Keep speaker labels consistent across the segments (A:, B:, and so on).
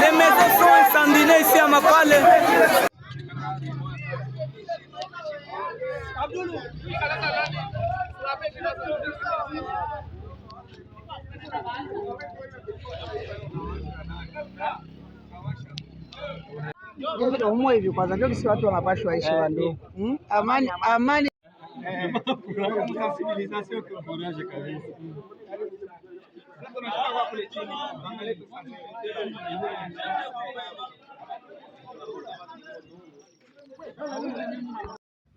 A: Demedeções sandinense Amapale. Utaumwa hivi kwanza, ndio kisi watu
B: wanapashwa ishi wa ndoo amani, amani é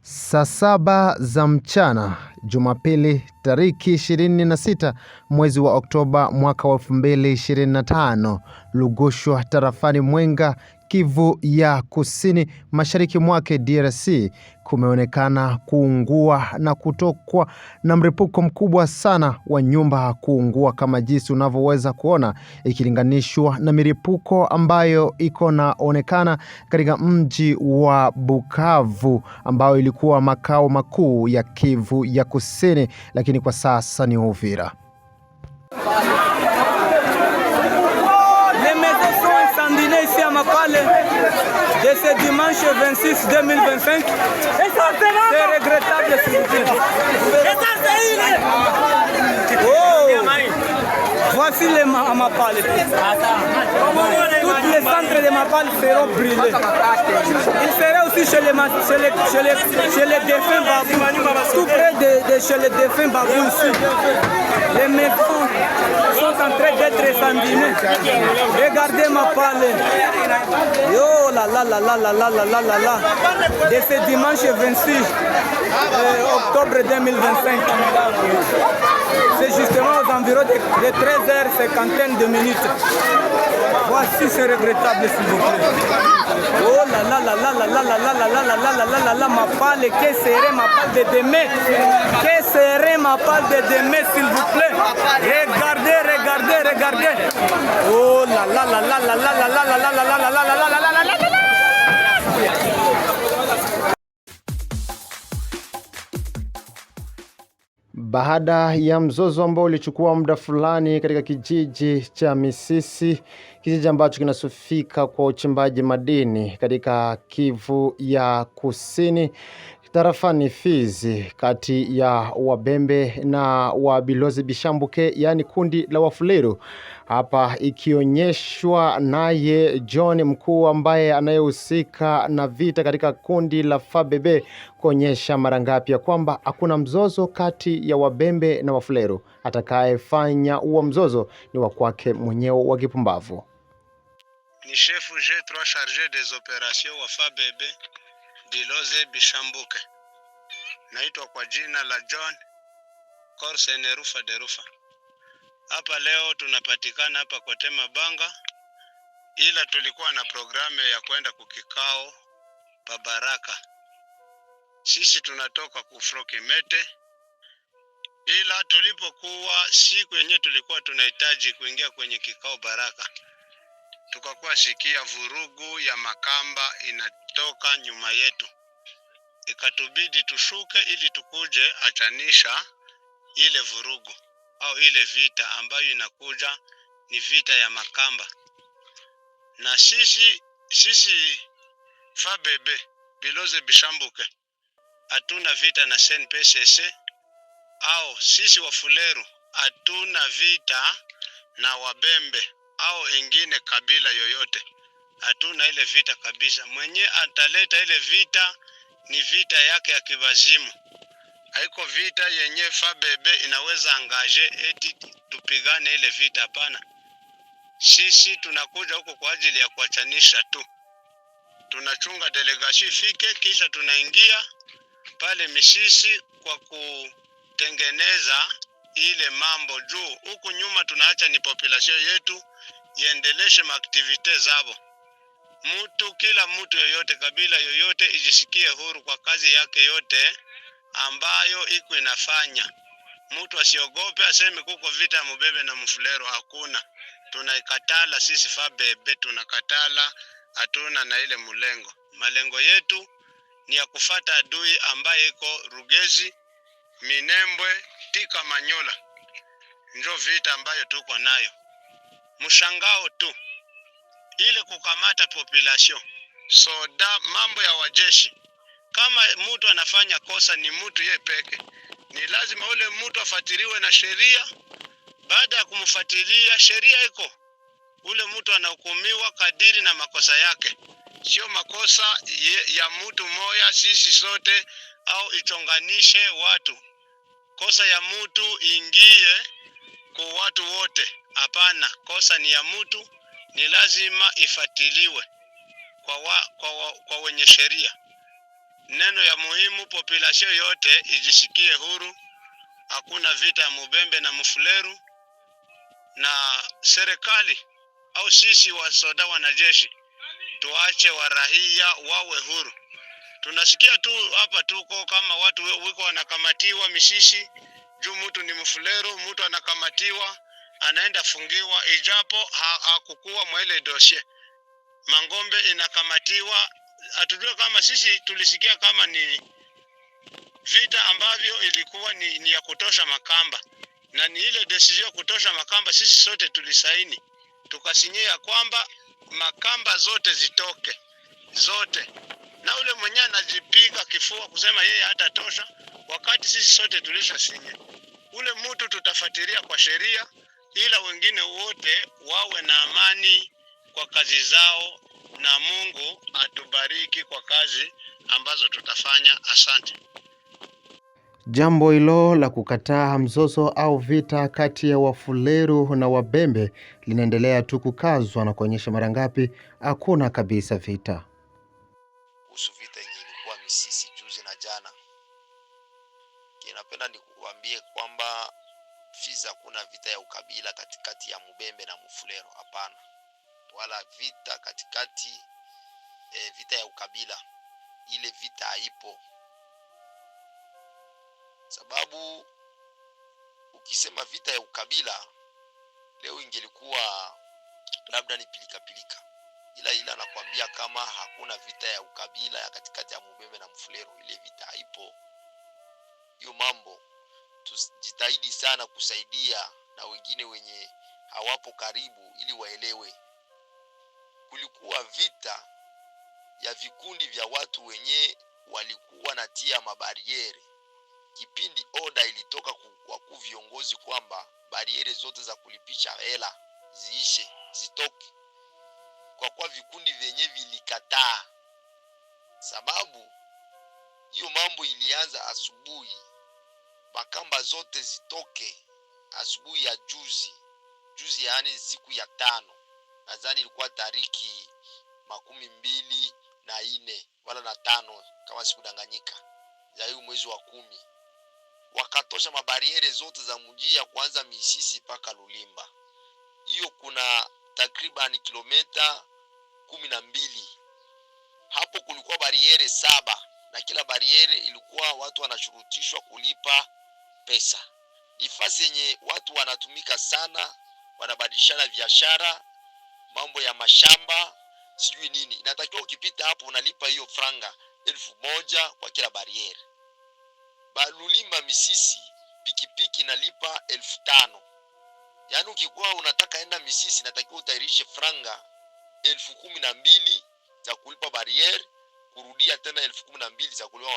B: Saa saba za mchana Jumapili tariki 26 mwezi wa Oktoba mwaka wa 2025, Lugushwa tarafani Mwenga Kivu ya Kusini, mashariki mwake DRC kumeonekana kuungua na kutokwa na mlipuko mkubwa sana wa nyumba kuungua kama jinsi unavyoweza kuona ikilinganishwa na milipuko ambayo iko naonekana katika mji wa Bukavu ambayo ilikuwa makao makuu ya Kivu ya Kusini, lakini kwa sasa ni Uvira.
A: Et ce dimanche 26 2025 c'est regrettable s'il vous Oh, Voici les MAPAL. Tous les centres de Mapal seront brûlés. Il sera aussi chez les, chez chez défunts Babou, tout près de, chez les défunts Babou aussi. Les médecins en train d'être Regardez ma parole. Yo là là là là là là là là là De ce dimanche 26 octobre 2025. C'est justement aux environs de, 13h50 de minutes. Voici ce regrettable s'il vous plaît. Oh là là là là là là là là là là là là là là là ma serait ma de demain Que serait ma palle de demain s'il vous Baada ya mzozo ambao ulichukua muda fulani katika kijiji cha Misisi, kijiji ambacho kinasifika kwa uchimbaji madini katika Kivu ya Kusini, tarafani Fizi kati ya Wabembe na Wabilozi Bishambuke, yaani kundi la Wafuliru, hapa ikionyeshwa naye John Mkuu ambaye anayehusika na vita katika kundi la Fabebe kuonyesha mara ngapi ya kwamba hakuna mzozo kati ya Wabembe na Wafuliru. Atakayefanya huo mzozo ni wa kwake mwenyewe wa kipumbavu. Ni chef G3 charge des operations wa Fabebe Biloze Bishambuke. Naitwa kwa jina la John Korsen Rufa Derufa. Hapa leo tunapatikana hapa kwa Tema Banga, ila tulikuwa na programu ya kwenda kukikao pa Baraka. Sisi tunatoka Kufrokimete, ila tulipokuwa siku yenyewe tulikuwa tunahitaji kuingia kwenye kikao Baraka tukakuwa shikia vurugu ya Makamba inatoka nyuma yetu, ikatubidi tushuke ili tukuje achanisha ile vurugu au ile vita ambayo inakuja ni vita ya Makamba. Na sisi sisi Fabebe Biloze Bishambuke hatuna vita na SNPCC au sisi Wafuleru hatuna vita na Wabembe au ingine kabila yoyote. Hatuna ile vita kabisa. Mwenye ataleta ile vita ni vita yake ya kibazimu, haiko vita yenye fa bebe inaweza angaje eti tupigane ile vita. Hapana, sisi tunakuja huko kwa ajili ya kuachanisha tu. Tunachunga delegasi ifike, kisha tunaingia pale misisi kwa kutengeneza ile mambo juu. Huku nyuma tunaacha ni population yetu iendeleshe maaktivite zabo. Mtu kila mtu yoyote kabila yoyote ijisikie huru kwa kazi yake yote ambayo iko inafanya. Mtu asiogope aseme kuko vita mubebe na mfulero, hakuna. Tunaikatala sisi Fabebe, tunakatala, hatuna na ile mlengo. Malengo yetu ni ya kufata adui ambaye iko Rugezi, Minembwe, Tika, Manyola, njo vita ambayo tuko nayo mshangao tu ile kukamata population. So da mambo ya wajeshi, kama mtu anafanya kosa ni mtu yeye peke, ni lazima ule mtu afatiriwe na sheria. Baada ya kumfuatilia sheria iko, ule mtu anahukumiwa kadiri na makosa yake, sio makosa ye, ya mtu moya. Sisi sote au ichonganishe watu, kosa ya mtu ingie kwa watu wote. Hapana, kosa ni ya mtu, ni lazima ifatiliwe kwa, wa, kwa, wa, kwa wenye sheria. Neno ya muhimu, population yote ijisikie huru, hakuna vita ya Mubembe na Mufuleru, na serikali au sisi wasoda wanajeshi tuache warahia wawe huru. Tunasikia tu hapa tuko kama watu wiko wanakamatiwa misisi juu mtu ni Mfuleru, mtu anakamatiwa anaenda fungiwa, ijapo hakukuwa mwele dosie. Mangombe inakamatiwa, hatujue kama sisi tulisikia kama ni vita ambavyo ilikuwa ni, ni ya kutosha Makamba na ni ile decision kutosha Makamba, sisi sote tulisaini tukasinyia kwamba Makamba zote zitoke zote, na ule mwenye anajipiga kifua kusema yeye tosha, wakati sisi sote tulishasinya. Ule mtu tutafuatilia kwa sheria ila wengine wote wawe na amani kwa kazi zao, na Mungu atubariki kwa kazi ambazo tutafanya. Asante. Jambo hilo la kukataa mzozo au vita kati ya Wafuleru na Wabembe linaendelea tu kukazwa na kuonyesha mara ngapi hakuna kabisa vita. Kuhusu vita yenye ilikuwa Misisi juzi na jana, kinapenda nikuambie kwamba Fizi hakuna vita ya ukabila katikati ya Mubembe na Mufulero, hapana, wala vita katikati e, vita ya ukabila, ile vita haipo, sababu ukisema vita ya ukabila leo ingelikuwa labda ni pilikapilika ila ila nakwambia kama hakuna vita ya ukabila ya katikati ya Mubembe na Mfulero, ile vita haipo hiyo mambo tujitahidi sana kusaidia na wengine wenye hawapo karibu ili waelewe. Kulikuwa vita ya vikundi vya watu wenye walikuwa na tia mabariere. Kipindi oda ilitoka kwa ku viongozi kwamba bariere zote za kulipisha hela ziishe, zitoke, kwa kuwa vikundi vyenye vilikataa, sababu hiyo mambo ilianza asubuhi makamba zote zitoke asubuhi ya juzi juzi, yaani siku ya tano, nadhani ilikuwa tariki makumi mbili na ine wala na tano kama sikudanganyika, za hiyo mwezi wa kumi, wakatosha mabariere zote za mji ya kuanza Misisi mpaka Lulimba. Hiyo kuna takriban kilomita kumi na mbili. Hapo kulikuwa bariere saba na kila bariere ilikuwa watu wanashurutishwa kulipa pesa. Nafasi yenye watu wanatumika sana, wanabadilishana biashara, mambo ya mashamba, sijui nini. Inatakiwa ukipita hapo unalipa hiyo franga elfu moja kwa kila barieri. Balulimba Misisi pikipiki nalipa elfu tano. Yaani ukikuwa unataka enda Misisi natakiwa utairishe franga elfu kumi na mbili za kulipa barieri kurudia tena elfu kumi na mbili za kulipa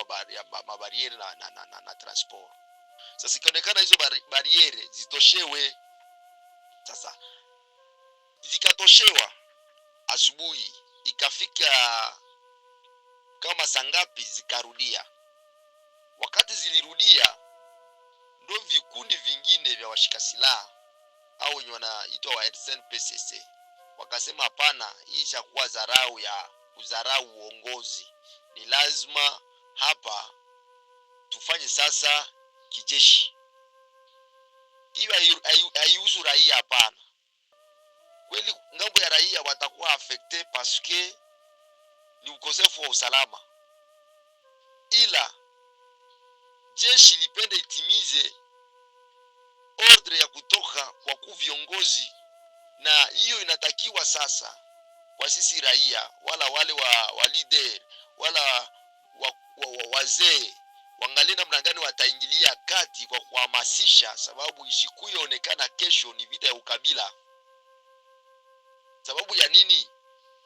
A: mabarieri na, na, na, na, na transport sasa ikaonekana hizo bariere zitoshewe. Sasa zikatoshewa asubuhi, ikafika kama saa ngapi, zikarudia. Wakati zilirudia, ndo vikundi vingine vya washika silaha au wenye wanaitwa wa PCC wakasema, hapana, hii ishakuwa dharau ya kudharau uongozi, ni lazima hapa tufanye sasa kijeshi. Hiyo haihusu raia, hapana. Kweli ngambo ya raia watakuwa afekte paske ni ukosefu wa usalama, ila jeshi lipende itimize ordre ya kutoka kwa ku viongozi, na hiyo inatakiwa sasa kwa sisi raia, wala wale wa, wa leader wala wazee wa, wa, wazee wangalie namna gani wataingilia kati kwa kuhamasisha, sababu isikuyoonekana kesho ni vita ya ukabila. Sababu ya nini?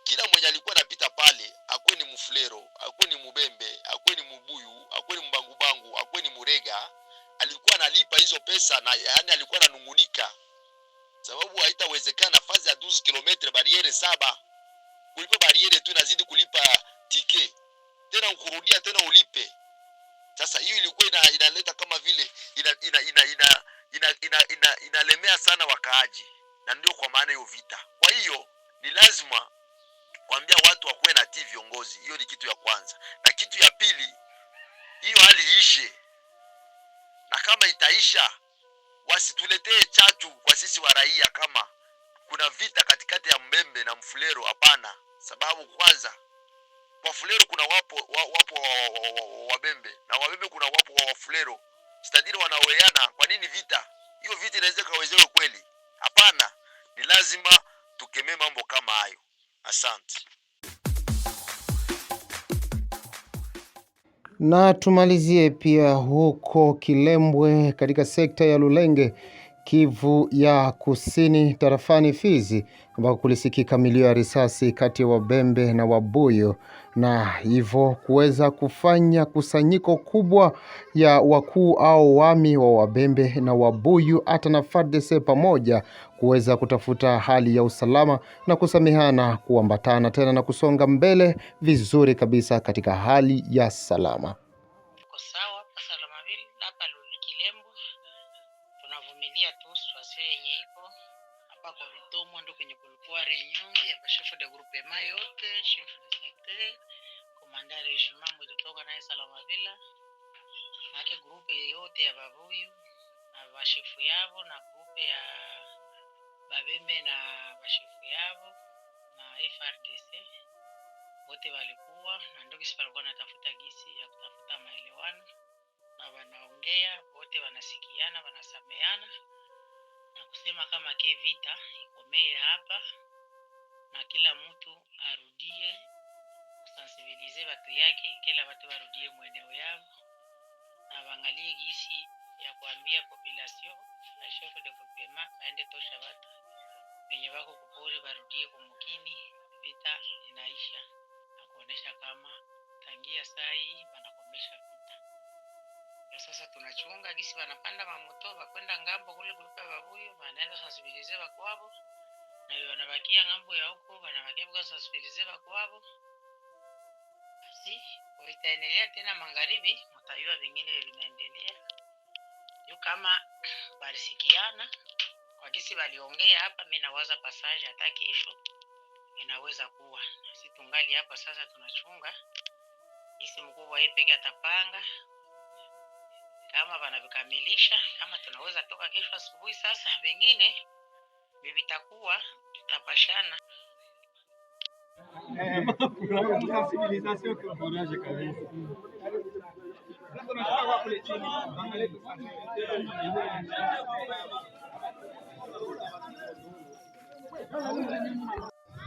A: Kila mwenye alikuwa anapita pale, akuwe ni Mfulero, akuwe ni Mubembe, akuwe ni Mubuyu, akuwe ni Mbangubangu, akuwe ni Murega, alikuwa analipa hizo pesa na yani alikuwa ananungunika, sababu haitawezekana nafasi ya 12 kilometre bariere saba kulipa bariere tu inazidi kulipa tike tena, ukurudia tena ulipe sasa hiyo ilikuwa ina, inaleta kama vile inalemea ina, ina, ina, ina, ina, ina, ina sana wakaaji, na ndio kwa maana hiyo vita. Kwa hiyo ni lazima kuambia watu wakuwe natii viongozi, hiyo ni kitu ya kwanza, na kitu ya pili, hiyo hali ishe na kama itaisha wasituletee chatu kwa sisi wa raia, kama kuna vita katikati ya Mbembe na Mfulero. Hapana, sababu kwanza Wafulero kuna wapo wapo Wabembe wa, wa, wa na Wabembe kuna wapo wa Wafulero, sitadiri wanaoeana. Kwa nini vita hiyo? Vita inaweza kawezewe kweli? Hapana, ni lazima tukemee mambo kama hayo. Asante. Na tumalizie pia huko Kilembwe katika sekta ya Lulenge Kivu ya Kusini tarafani Fizi ambako kulisikika milio ya risasi kati ya Wabembe na Wabuyo na hivyo kuweza kufanya kusanyiko kubwa ya wakuu au wami wa Wabembe na Wabuyu hata na FARDC pamoja kuweza kutafuta hali ya usalama na kusamehana, kuambatana tena na kusonga mbele vizuri kabisa katika hali ya salama. gisi palikuwa natafuta gisi ya kutafuta maelewano, na wanaongea wote, wanasikiana, wanasameana na kusema kama ke vita ikomee hapa na kila mtu arudie kusensibilize watu yake, kila watu warudie mweneo yao na waangalie gisi ya kuambia population na chef de groupement waende tosha watu wenye wako kupori warudie kumukini, vita inaisha na kuonesha kama tangia sai banakomesha vita na sasa tunachunga gisi banapanda mamoto bakwenda ngambo kule kulipa babuyo banaenda sansibilize bakwabo na yo banabakia ngambo ya huko banabakia buka sansibilize bakwabo basi itaendelea tena magharibi mutayua vingine vinaendelea yu kama balisikiana kwa gisi baliongea hapa mi nawaza pasaje hata kesho inaweza kuwa nasi tungali hapa sasa tunachunga Isi mkubwa yeye peke atapanga kama wanavikamilisha, kama tunaweza toka kesho asubuhi. Sasa vingine vitakuwa tutapashana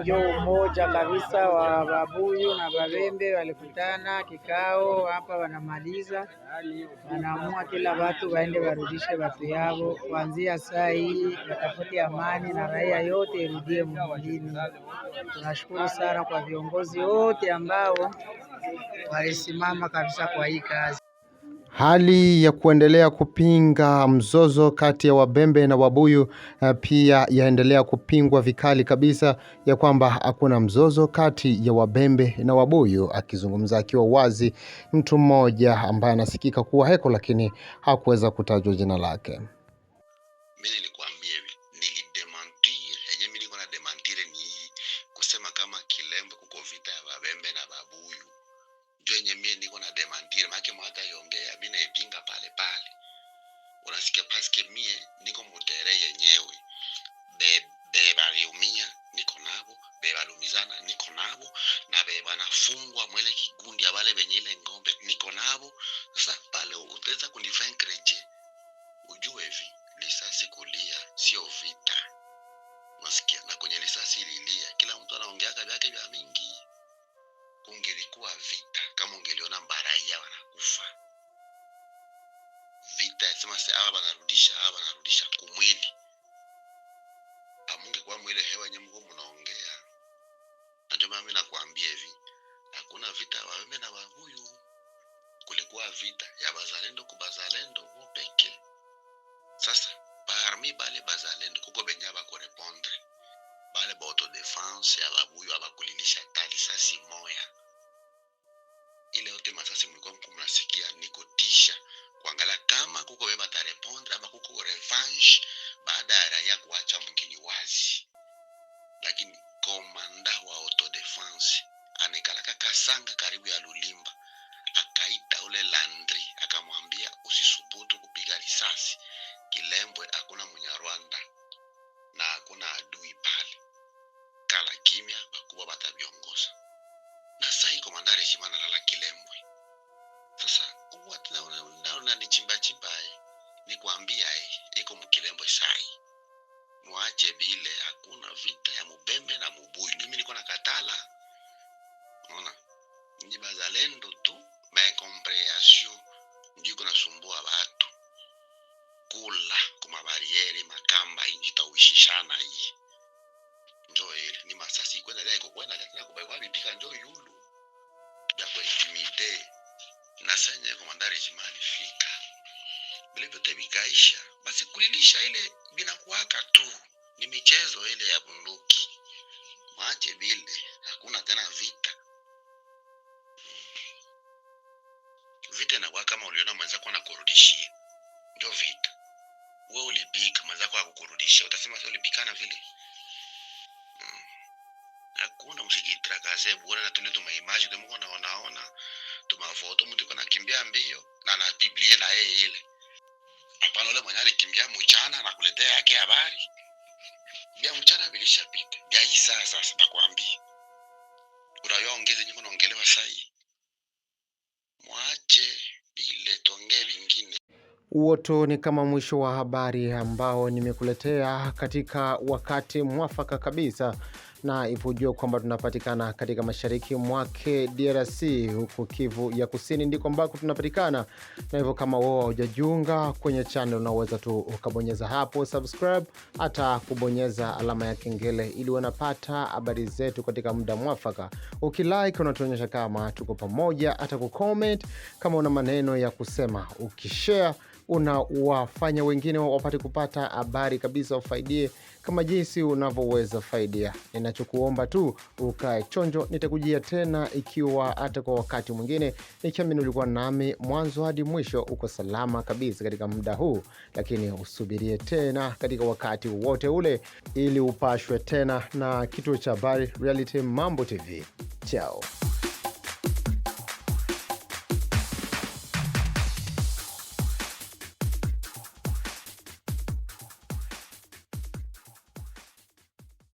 A: njoo umoja kabisa wa Babuyu na Babembe walikutana kikao hapa, wanamaliza wanaamua kila watu waende warudishe watu yao, kuanzia saa hii watafute amani na raia yote irudie mjini. Tunashukuru sana kwa viongozi wote ambao walisimama kabisa kwa hii kazi. Hali ya kuendelea kupinga mzozo kati ya Wabembe na Wabuyu eh, pia yaendelea kupingwa vikali kabisa ya kwamba hakuna mzozo kati ya Wabembe na Wabuyu. Akizungumza akiwa wazi, mtu mmoja ambaye anasikika kuwa heko lakini hakuweza kutajwa jina lake. Mimi nilikwambia mnavyofikiria. Kila mtu anaongeaka vyake vya mingi. Kungelikuwa vita kama ungeliona baraia wanakufa vita, sema se hawa wanarudisha hawa wanarudisha kumwili, amungekuwa mwile hewa nye mko mnaongea. Najua mimi nakwambia hivi, hakuna vita mimi na huyu, kulikuwa vita ya bazalendo bazalendo wopeke. Sasa parmi bale bazalendo kuko benyaba kurepondre bale ba autodefense ya babuyo abakulilisha ata lisasi moya. Ile yote masasi mlikuwa mku mnasikia ni kutisha, kuangalia kama kuko beba atarepondre ama kuko revanche baada ya raia kuacha mwingine wazi, lakini komanda wa autodefense anekala kaka sanga karibu ya Lulimba akaita ule Landri akamwambia, usisubutu kupiga risasi Kilembwe, hakuna Munyarwanda na hakuna adui pale bakala kimia bakubwa batabiongoza na sai komandari jimana lala kilembwe sasa uwati ni kuambia nikwambiaye eh, iko mukilembwe sai mwache bile hakuna vita ya mubembe na mubuyu mimi niko na katala ona ni bazalendo tu makomprehension ndio nasumbua batu kula kumabariere makamba inji hii njo ele eh, ni masasi ikwenalea ikokwenalea tina kubaikwa bipika njo yulu bya kuintimide nasenye komanda rejima alifika vile vyote vikaisha, basi kulilisha ile binakuwaka tu ni michezo ile ya bunduki, mwache vile, hakuna tena vita. Vita inakuwa kama uliona mwenzako anakurudishia, ndio vita. We ulipika mwenzako akukurudishia, utasema sio ulipikana vile σε μπορεί να του λέει το το μόνο το μου, το mbio na anabiblia na Ule mwenye alikimbia mchana anakuletea yake habari vya mchana vilishapita, vya hii saa sasa nakwambia, mwache bile vingine huo tu ni kama mwisho wa habari ambao nimekuletea katika wakati mwafaka kabisa na ipujue kwamba tunapatikana katika mashariki mwake DRC, huku Kivu ya kusini ndiko ambako tunapatikana, na hivyo kama wewe haujajiunga kwenye channel, unaweza tu ukabonyeza hapo subscribe, hata kubonyeza alama ya kengele ili wanapata habari zetu katika muda mwafaka. Ukilike unatuonyesha kama tuko pamoja, hata kucomment kama una maneno ya kusema, ukishare unawafanya wengine wapate kupata habari kabisa, ufaidie kama jinsi unavyoweza faidia. Ninachokuomba tu ukae chonjo, nitakujia tena ikiwa hata kwa wakati mwingine, nikiamini ulikuwa nami mwanzo hadi mwisho. Uko salama kabisa katika muda huu, lakini usubirie tena katika wakati wote ule, ili upashwe tena na kituo cha habari Reality Mambo TV. Chao.